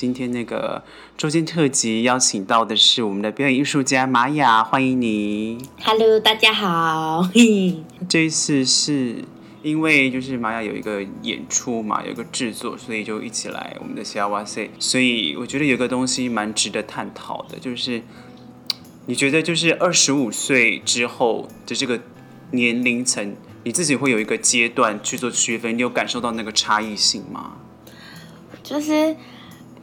今天那個週間特輯邀請到的是我們的表演藝術家瑪雅，歡迎你。Hello，大家好。 這一次是因為就是瑪雅有一個演出嘛，有一個制作，所以就一起來我們的《西啊灣 SAY》。所以我覺得有一個東西蠻值得探討的，就是你覺得就是二十五歲之後的這個年齡層，你自己會有一個階段去做區分，你有感受到那個差異性嗎？就是。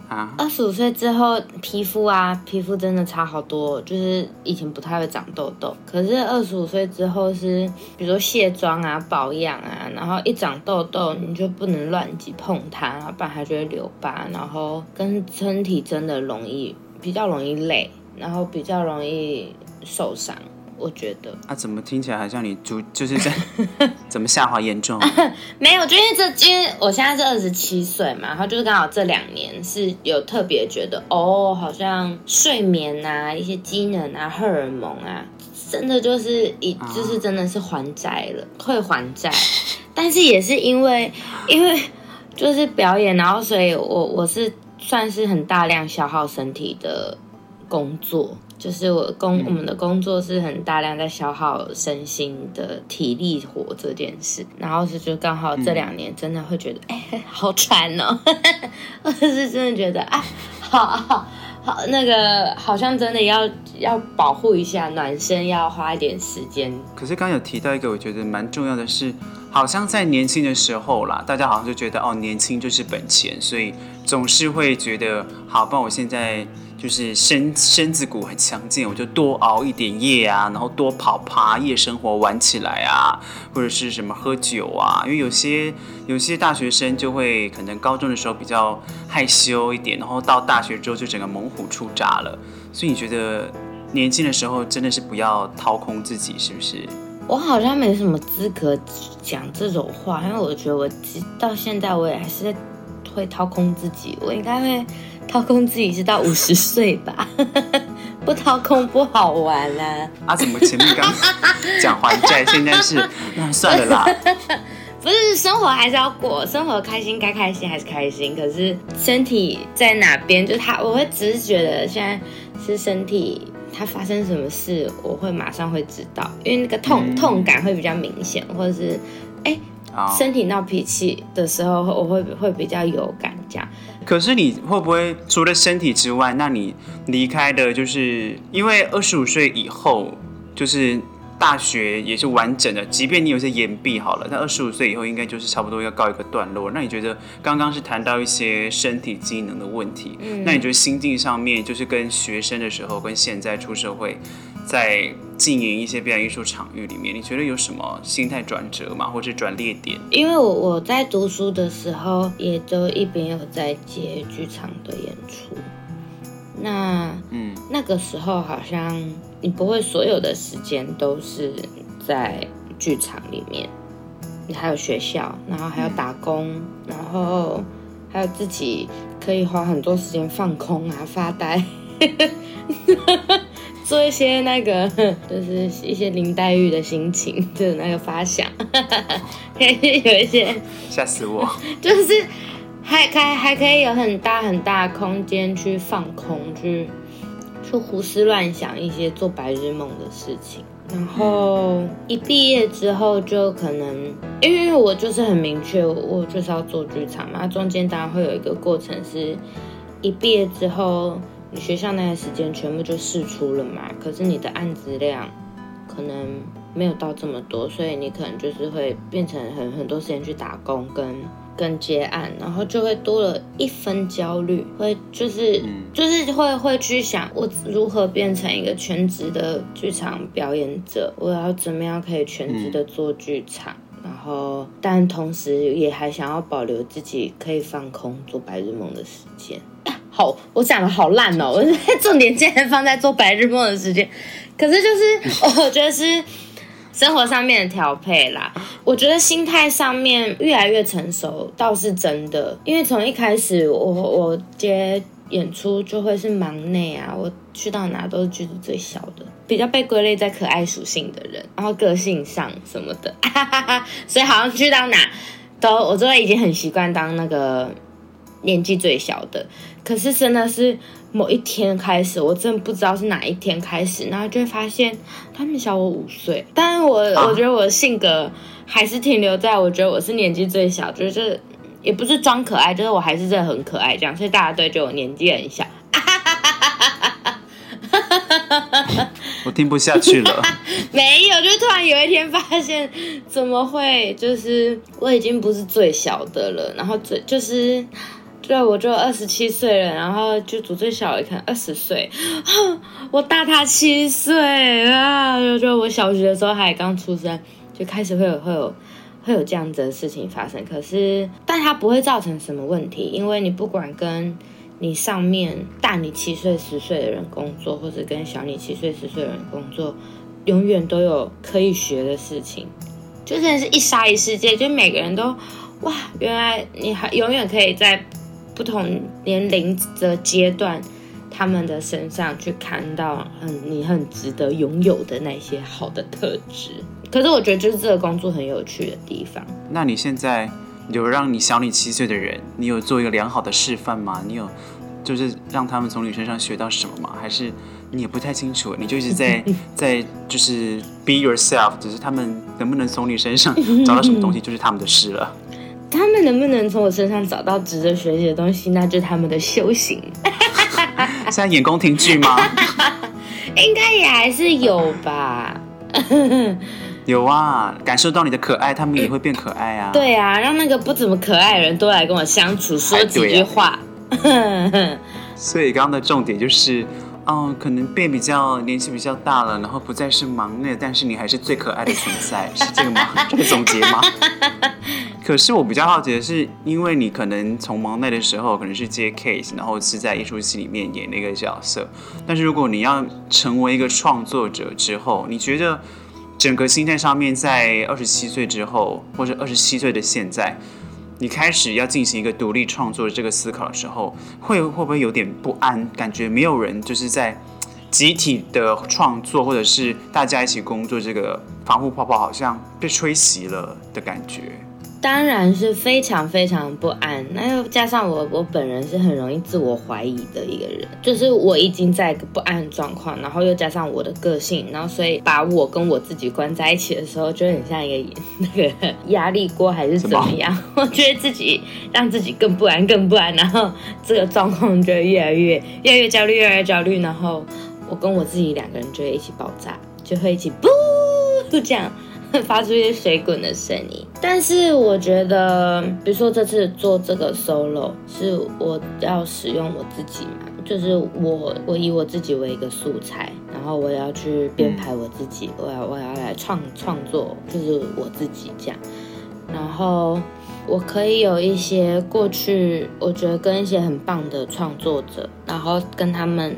啊，二十五歲之後皮膚啊，皮膚真的差好多。就是以前不太會長痘痘，可是二十五歲之後是，比如說卸妝啊、保養啊，然後一長痘痘你就不能亂擠碰它，然後不然它就會留疤，然後跟身體真的容易比較容易累，然後比較容易受傷。我覺得，啊，怎麼聽起來好像你就是在 怎麼下滑嚴重，啊啊？沒有，就是因為這，今天我現在是二十七歲嘛，然後就是剛好這兩年是有特別覺得，哦，好像睡眠啊，一些機能啊，荷爾蒙啊，真的就是一就是真的是還債了，啊，會還債，但是也是因為，因為就是表演，然後所以我我是算是很大量消耗身體的工作。就是我工、嗯、我們的工作是很大量在消耗身心的體力活這件事，然後是就剛好這兩年真的會覺得哎、嗯欸、好慘哦， 我是真的覺得啊好好好，好那個好像真的要要保護一下暖身要花一點時間。可是剛有提到一個我覺得蠻重要的是，好像在年輕的時候啦，大家好像就覺得哦年輕就是本錢，所以總是會覺得好吧我現在。就是身身子骨很強勁。我就多熬一點夜啊，然後多跑趴夜生活玩起來啊，或者是什麼喝酒啊。因為有些有些大學生就會可能高中的時候比較害羞一點，然後到大學之後就整個猛虎出閘了。所以你覺得年輕的時候真的是不要掏空自己，是不是？我好像沒什麼資格講這種話，因為我覺得我到現在我也還是會掏空自己，我應該會。掏空自己直到五十歲吧， 不掏空不好玩啦、啊。啊？怎麼前面剛講還債， 現在是那算了啦。不是，生活還是要過，生活開心該開心還是開心。可是身體在哪邊，就他，我會只是覺得現在是身體，他發生什麼事，我會馬上會知道，因為那個痛、嗯、痛感會比較明顯，或者是哎，哦、身體鬧脾氣的時候，我會會比較有感這樣。可是你會不會除了身體之外，那你離開的就是因為二十五歲以後，就是大學也是完整的，即便你有些延畢好了，那二十五歲以後應該就是差不多要告一個段落。那你覺得剛剛是談到一些身體機能的問題，嗯，那你覺得心境上面就是跟學生的時候跟現在出社會。在經營一些表演藝術場域裡面，你覺得有什麼心態轉折嗎？或者轉捩點？因為我我在讀書的時候，也都一邊有在接劇場的演出。那嗯，那個時候好像你不會所有的時間都是在劇場裡面，你還有學校，然後還有打工，嗯、然後還有自己可以花很多時間放空啊、發呆。 做一些那個，就是一些林黛玉的心情，就是那個發想，可以有一些嚇死我，就是還還還可以有很大很大空間去放空，去去胡思亂想一些做白日夢的事情。然後一畢業之後，就可能因為我就是很明確，我就是要做劇場嘛，中間當然會有一個過程，是一畢業之後。你學校那段時間全部就釋出了嘛，可是你的案子量可能沒有到這麼多，所以你可能就是會變成很很多時間去打工跟跟接案，然後就會多了一分焦慮，會就是就是會會去想我如何變成一個全職的劇場表演者，我要怎麼樣可以全職的做劇場，嗯、然後但同時也還想要保留自己可以放空做白日夢的時間。好，我講的好爛哦！我是在重點竟然放在做白日夢的時間，可是就是我覺得是生活上面的調配啦。我覺得心態上面越來越成熟，倒是真的。因為從一開始我，我我接演出就會是忙內啊，我去到哪都是劇組最小的，比較被歸類在可愛屬性的人，然後個性上什麼的，哈哈哈哈，所以好像去到哪都，我都會已經很習慣當那個，年紀最小的，可是真的是某一天開始，我真的不知道是哪一天開始，然後就會發現他們小我五歲。但是，我我覺得我的性格還是停留在我覺得我是年紀最小，就是也不是裝可愛，就是我還是真的很可愛這樣，所以大家都覺得我年紀很小。 我聽不下去了。 沒有，就突然有一天發現，怎麼會？就是我已經不是最小的了，然後最就是。對，我就二十七歲了，然後劇組最小的，可能二十歲，我大他七歲啊！就，就我小學的時候還剛出生，就開始會有會有會有這樣子的事情發生。可是，但它不會造成什麼問題，因為你不管跟你上面大你七歲十歲的人工作，或者跟小你七歲十歲的人工作，永遠都有可以學的事情。就真的是一沙一世界，就每個人都哇，原來你還永遠可以在。不同年齡的階段，他們的身上去看到很你很值得擁有的那些好的特質。可是我覺得就是這個工作很有趣的地方。那你現在有讓你小你七歲的人，你有做一個良好的示範嗎？你有就是讓他們從你身上學到什麼嗎？還是你也不太清楚？你就一直在 在就是 be yourself，只是他們能不能從你身上找到什麼東西，就是他們的事了。 他們能不能從我身上找到值得學習的東西，那就是他們的修行。 現在演宮廷劇嗎？ 應該也還是有吧。 有啊，感受到你的可愛，他們也會變可愛啊。對，對啊，讓那個不怎麼可愛的人多來跟我相處，啊、說幾句話。 所以剛剛的重點就是。哦，可能變比較年紀比較大了，然後不再是忙內，但是你還是最可愛的存在，是這個嗎？這個總結嗎？ 可是我比較好奇的是，因為你可能從忙內的時候，可能是接 case，然後是在一齣戲裡面演那個角色，但是如果你要成為一個創作者之後，你覺得整個心態上面，在二十七歲之後，或者二十七歲的現在？你開始要進行一個獨立創作的這個思考的時候，會會不會有點不安？感覺沒有人就是在集體的創作，或者是大家一起工作，這個防護泡泡好像被吹襲了的感覺。當然是非常非常不安，那又加上我我本人是很容易自我懷疑的一個人，就是我已經在一個不安的狀況，然後又加上我的個性，然後所以把我跟我自己關在一起的時候，就很像一個那個壓力鍋還是怎麼樣，什麼？我覺得自己讓自己更不安更不安，然後這個狀況就越來越越來越焦慮越來越焦慮，然後我跟我自己兩個人就會一起爆炸，就會一起不就這樣。 發出一些水滾的聲音，但是我覺得，比如說這次做這個 solo 是我要使用我自己嘛，就是我我以我自己為一個素材，然後我要去編排我自己，我要我要來創創作，就是我自己這樣。然後我可以有一些過去，我覺得跟一些很棒的創作者，然後跟他們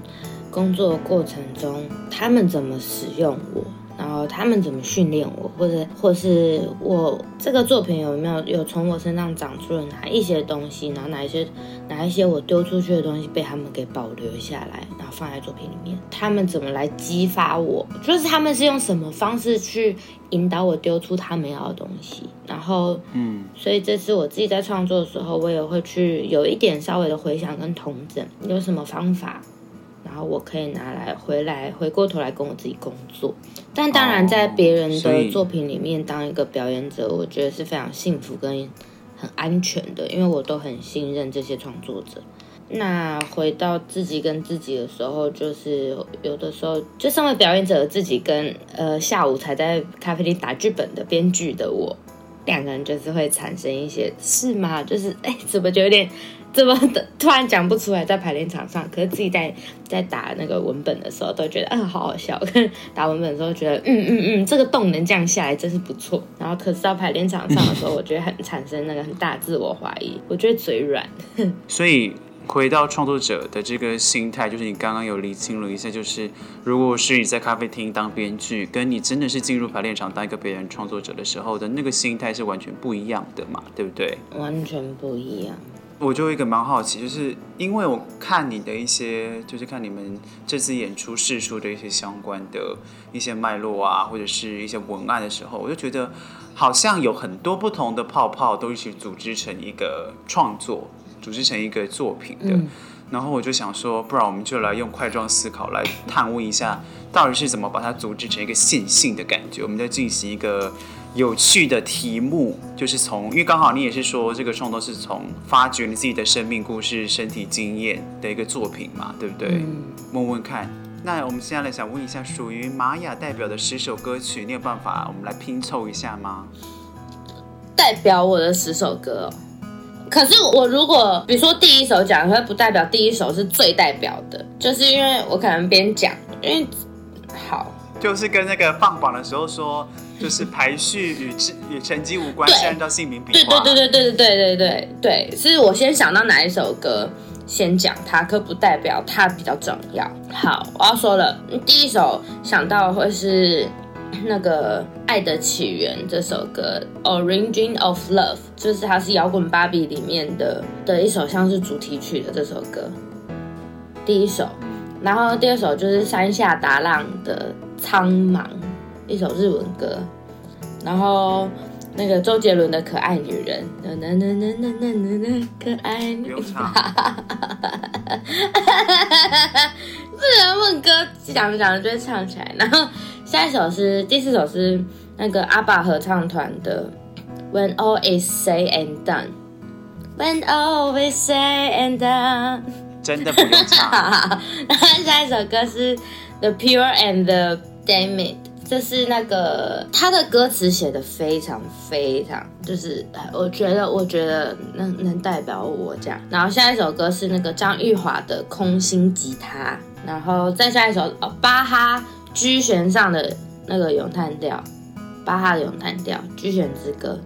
工作過程中，他們怎麼使用我。然後他們怎麼訓練我，或者或者是我這個作品有沒有有從我身上長出了哪一些東西？然後哪一些哪一些我丟出去的東西被他們給保留下來，然後放在作品裡面。他們怎麼來激發我？就是他們是用什麼方式去引導我丟出他們要的東西？然後嗯，所以這次我自己在創作的時候，我也會去有一點稍微的回想跟統整，有什麼方法，然後我可以拿來回來回過頭來跟我自己工作。但當然，在別人的作品裡面當一個表演者，我覺得是非常幸福跟很安全的，因為我都很信任這些創作者。那回到自己跟自己的時候，就是有的時候，就身為表演者的自己跟呃下午才在咖啡廳打劇本的編劇的我，兩個人就是會產生一些，是嗎？就是哎、欸，怎麼就有點。怎麼突然講不出來？在排練場上，可是自己在在打那個文本的時候，都覺得啊，好好笑。打文本的時候覺得，嗯嗯嗯，這個洞能降下來真是不錯。然後可是到排練場上的時候，我覺得很產生那個很大自我懷疑，我覺得嘴軟。所以回到創作者的這個心態，就是你剛剛有理清了一下，就是如果是你在咖啡廳當編劇，跟你真的是進入排練場當一個別人創作者的時候的那個心態是完全不一樣的嘛，對不對？完全不一樣。我就一個蠻好奇，就是因為我看你的一些，就是看你們這次演出試出的一些相關的一些脈絡啊，或者是一些文案的時候，我就覺得好像有很多不同的泡泡都一起組織成一個創作，組織成一個作品的。嗯、然後我就想說，不然我們就來用塊狀思考來探問一下，到底是怎麼把它組織成一個線性的感覺？我們在進行一個。有趣的題目就是從，因為剛好你也是說這個創作是從發掘你自己的生命故事、身體經驗的一個作品嘛，對不對？嗯、問問看。那我們現在來想問一下，屬於瑪雅代表的十首歌曲，你有辦法我們來拼湊一下嗎？代表我的十首歌，可是我如果比如說第一首講的話，它不代表第一首是最代表的，就是因為我可能邊講，因為好。就是跟那個放榜的時候說，就是排序與與成績無關，是按照姓名筆劃。對對對對對對對對對對，是我先想到哪一首歌先講它，可不代表它比較重要。好，我要說了，第一首想到會是那個《愛的起源》這首歌，《Origin of Love》，就是它是搖滾芭比裡面的的一首像是主題曲的這首歌，第一首。然後第二首就是山下達郎的。蒼茫，一首日文歌，然後那個周杰倫的《可愛女人》。那那那那那可愛女人，不用唱。自然問 歌講着講着就會唱起來。然後下一首是第四首是那個阿爸合唱團的《When All Is Said and Done》。When All Is Said and Done，真的不用唱 好好。然後下一首歌是《The Pure and the》。Damn it. 這是那個他的歌詞寫得非常非常，就是我覺得我覺得能能代表我這樣。然後下一首歌是那個張玉華的空心吉他，然後再下一首哦，巴哈 G 弦上的那個詠嘆調，巴哈的詠嘆調，G 弦之歌。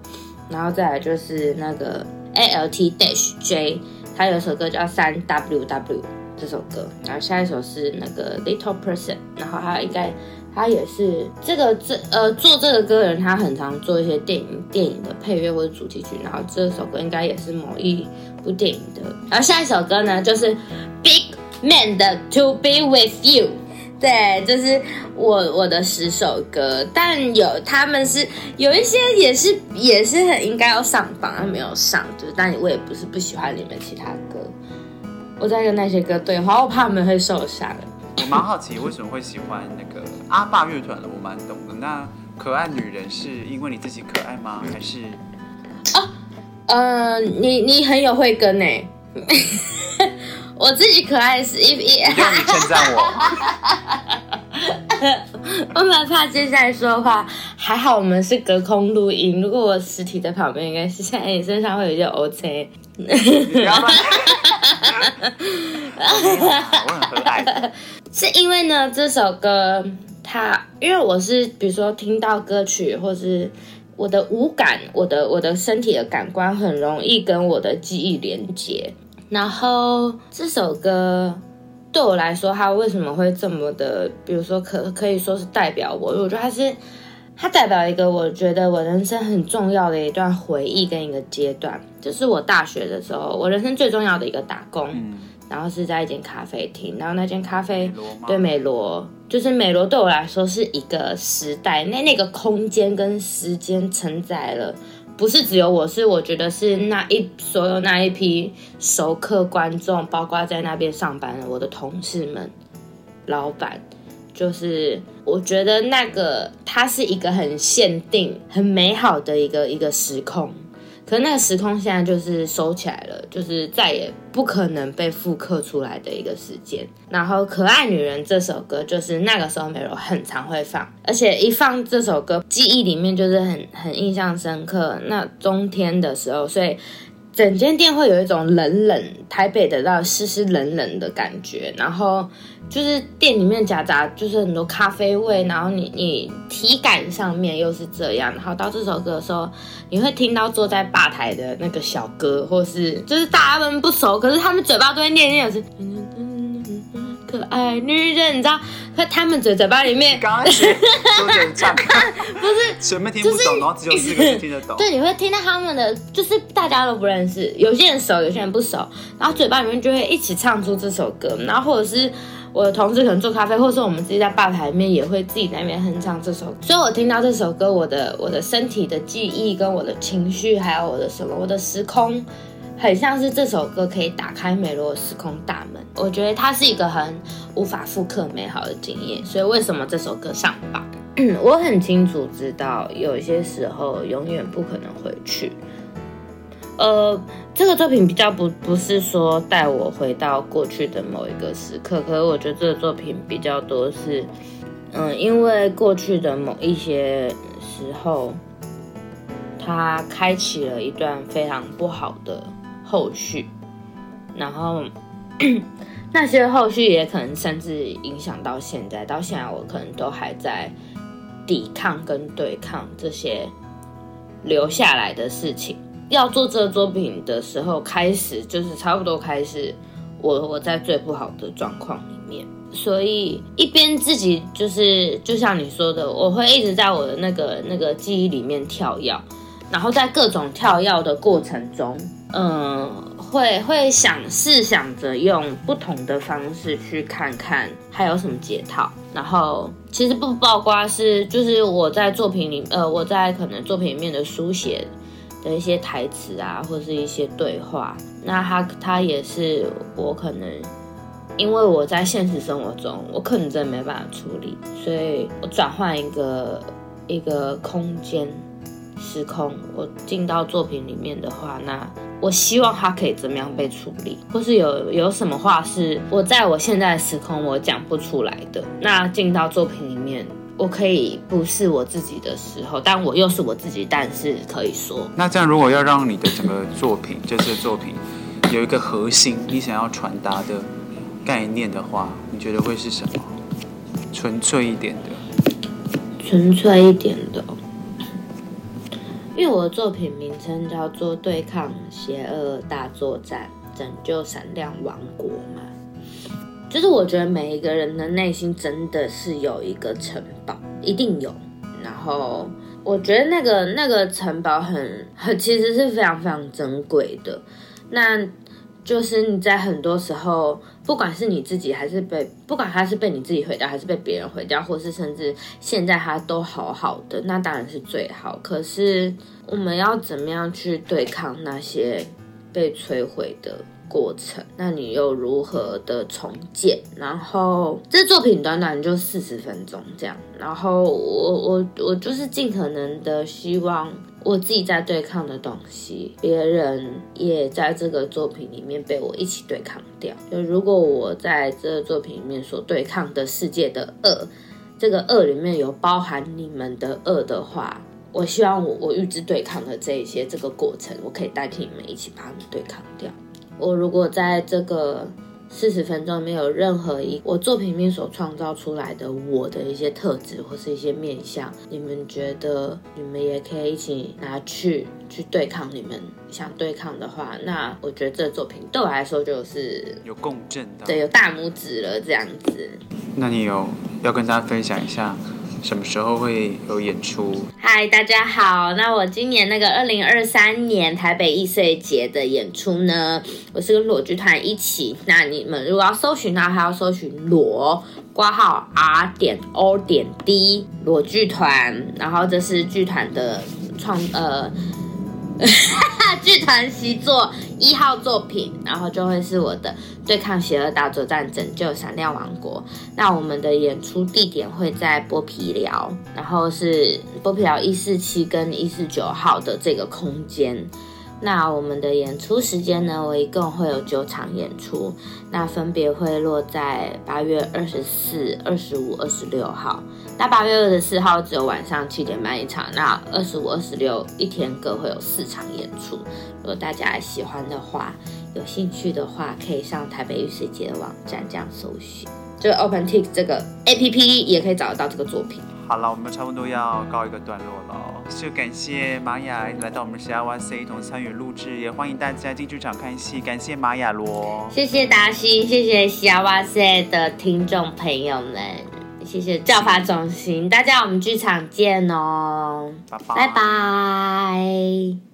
然後再來就是那個 Alt Dash J，他有一首歌叫三 W W 這首歌。然後下一首是那個 Little Person，然後他應該。他也是這個這呃做這個歌的人，他很常做一些電影電影的配樂或者主題曲，然後這首歌應該也是某一部電影的。然後下一首歌呢，就是 Big Man 的 To Be With You，對，就是我我的十首歌，但有他們是有一些也是也是很應該要上榜，他沒有上，就是，但我也不是不喜歡你們其他歌，我在跟那些歌對話，我怕他們會受傷。我蠻好奇為什麼會喜歡那個。阿爸樂團的我蠻懂的。那可愛女人是因為你自己可愛嗎？還是、哦、呃，你你很有慧根呢 我自己可愛是，因為你稱讚我。 我蠻怕接下來說的話，還好我們是隔空錄音。如果我實體在旁邊，應該是在你身上會有一點 O C。 是因為呢這首歌。他，因為我是，比如說聽到歌曲，或是我的五感，我的我的身體的感官很容易跟我的記憶連接。然後這首歌對我來說，它為什麼會這麼的，比如說可可以說是代表我？我覺得它是它代表一個我覺得我人生很重要的一段回憶跟一個階段，就是我大學的時候，我人生最重要的一個打工。嗯。然後是在一間咖啡廳，然後那間咖啡美對美羅，就是美羅對我來說是一個時代，那那個空間跟時間承載了，不是只有我是，是我覺得是那一所有那一批熟客觀眾，包括在那邊上班的我的同事們、老闆，就是我覺得那個它是一個很限定、很美好的一個一個時空。可是那個時空現在就是收起來了，就是再也不可能被複刻出來的一個時間。然後《可愛女人》這首歌就是那個時候，梅羅很常會放，而且一放這首歌，記憶裡面就是很很印象深刻。那冬天的時候，所以。整間店會有一種冷冷台北的那濕濕冷冷的感覺，然後就是店裡面夾雜就是很多咖啡味，然後你你體感上面又是這樣，然後到這首歌的時候，你會聽到坐在吧台的那個小哥，或是就是大家們不熟，可是他們嘴巴都會念念有詞。嗯嗯嗯可愛女人，你知道，他們嘴,嘴巴裡面，剛剛 不是，就是，就是，對，你會聽到他們的，就是大家都不認識，有些人熟，有些人不熟，然後嘴巴裡面就會一起唱出這首歌，然後或者是我的同事可能做咖啡，或者是我們自己在吧台裡面也會自己在那邊哼唱這首歌。所以，我聽到這首歌，我的我的身體的記憶，跟我的情緒，還有我的什麼，我的時空。很像是這首歌可以打開美羅時空大門，我覺得它是一個很無法複刻美好的經驗，所以為什麼這首歌上榜？ 我很清楚知道，有一些時候永遠不可能回去。呃，這個作品比較不不是說帶我回到過去的某一個時刻，可是我覺得這個作品比較多是，嗯、呃，因為過去的某一些時候，它開啟了一段非常不好的。後續，然後 那些後續也可能甚至影響到現在。到現在，我可能都還在抵抗跟對抗這些留下來的事情。要做這個作品的時候，開始就是差不多開始我，我我在最不好的狀況裡面，所以一邊自己就是就像你說的，我會一直在我的那個那個記憶裡面跳躍，然後在各種跳躍的過程中。嗯，會會想試想着用不同的方式去看看還有什麼解套，然後其實不曝光是就是我在作品裡，呃，我在可能作品裡面的書寫的一些台詞啊，或是一些對話，那它他，他也是我可能因為我在現實生活中我可能真的沒辦法處理，所以我轉換一個一個空間。時空，我進到作品裡面的話，那我希望它可以怎麼樣被處理，或是有有什麼話是我在我現在的時空我講不出來的，那進到作品裡面，我可以不是我自己的時候，但我又是我自己，但是可以說。那這樣，如果要讓你的整個作品， 就是作品有一個核心，你想要傳達的概念的話，你覺得會是什麼？純粹一點的。純粹一點的。因為我的作品名稱叫做《對抗邪惡大作戰》，拯救閃亮王國嘛，就是我覺得每一個人的內心真的是有一個城堡，一定有。然後我覺得那個那個城堡很很，其實是非常非常珍貴的。那就是你在很多時候，不管是你自己還是被，不管他是被你自己毀掉，還是被別人毀掉，或是甚至現在他都好好的，那當然是最好。可是我們要怎麼樣去對抗那些被摧毀的過程？那你又如何的重建？然後這作品短短就四十分鐘這樣，然後我我我就是盡可能的希望。我自己在對抗的東西，別人也在這個作品裡面被我一起對抗掉。就如果我在這個作品裡面所對抗的世界的惡，這個惡裡面有包含你們的惡的話，我希望我我與之對抗的這一些這個過程，我可以代替你們一起把它們對抗掉。我如果在這個。四十分鐘沒有任何一個我作品裡面所創造出來的我的一些特質或是一些面向，你們覺得你們也可以一起拿去去對抗你們想對抗的話，那我覺得這作品對我來說就是有共振的，對，有大拇指了這樣子。那你有要跟大家分享一下？什麼時候會有演出？嗨，大家好。那我今年那個二零二三年台北藝穗節的演出呢，我是跟裸劇團一起。那你們如果要搜尋到，還要搜尋“裸”括號 R 點 O 點 D 裸劇團。然後這是劇團的創呃。劇團習作一號作品，然後就會是我的對抗邪惡大作戰，拯救閃亮王國。那我們的演出地點會在剝皮寮，然後是剝皮寮一四七跟一四九號的這個空間。那我們的演出時間呢？我一共會有九場演出，那分別會落在八月二十四、二十五、二十六號。那八月二十四號只有晚上七點半一場，那二十五、二十六一天各會有四場演出。如果大家喜歡的話，有興趣的話，可以上台北藝穗節的網站這樣搜尋。就這個 OPENTIX 這個 A P P 也可以找得到這個作品。好了，我們差不多要告一個段落了，就感謝馬雅來到我們西啊灣一同參與錄製，也歡迎大家進劇場看戲。感謝馬雅羅，謝謝達西，謝謝西啊灣的聽眾朋友們。謝謝教法中心，大家，我們劇場見哦，拜拜。拜拜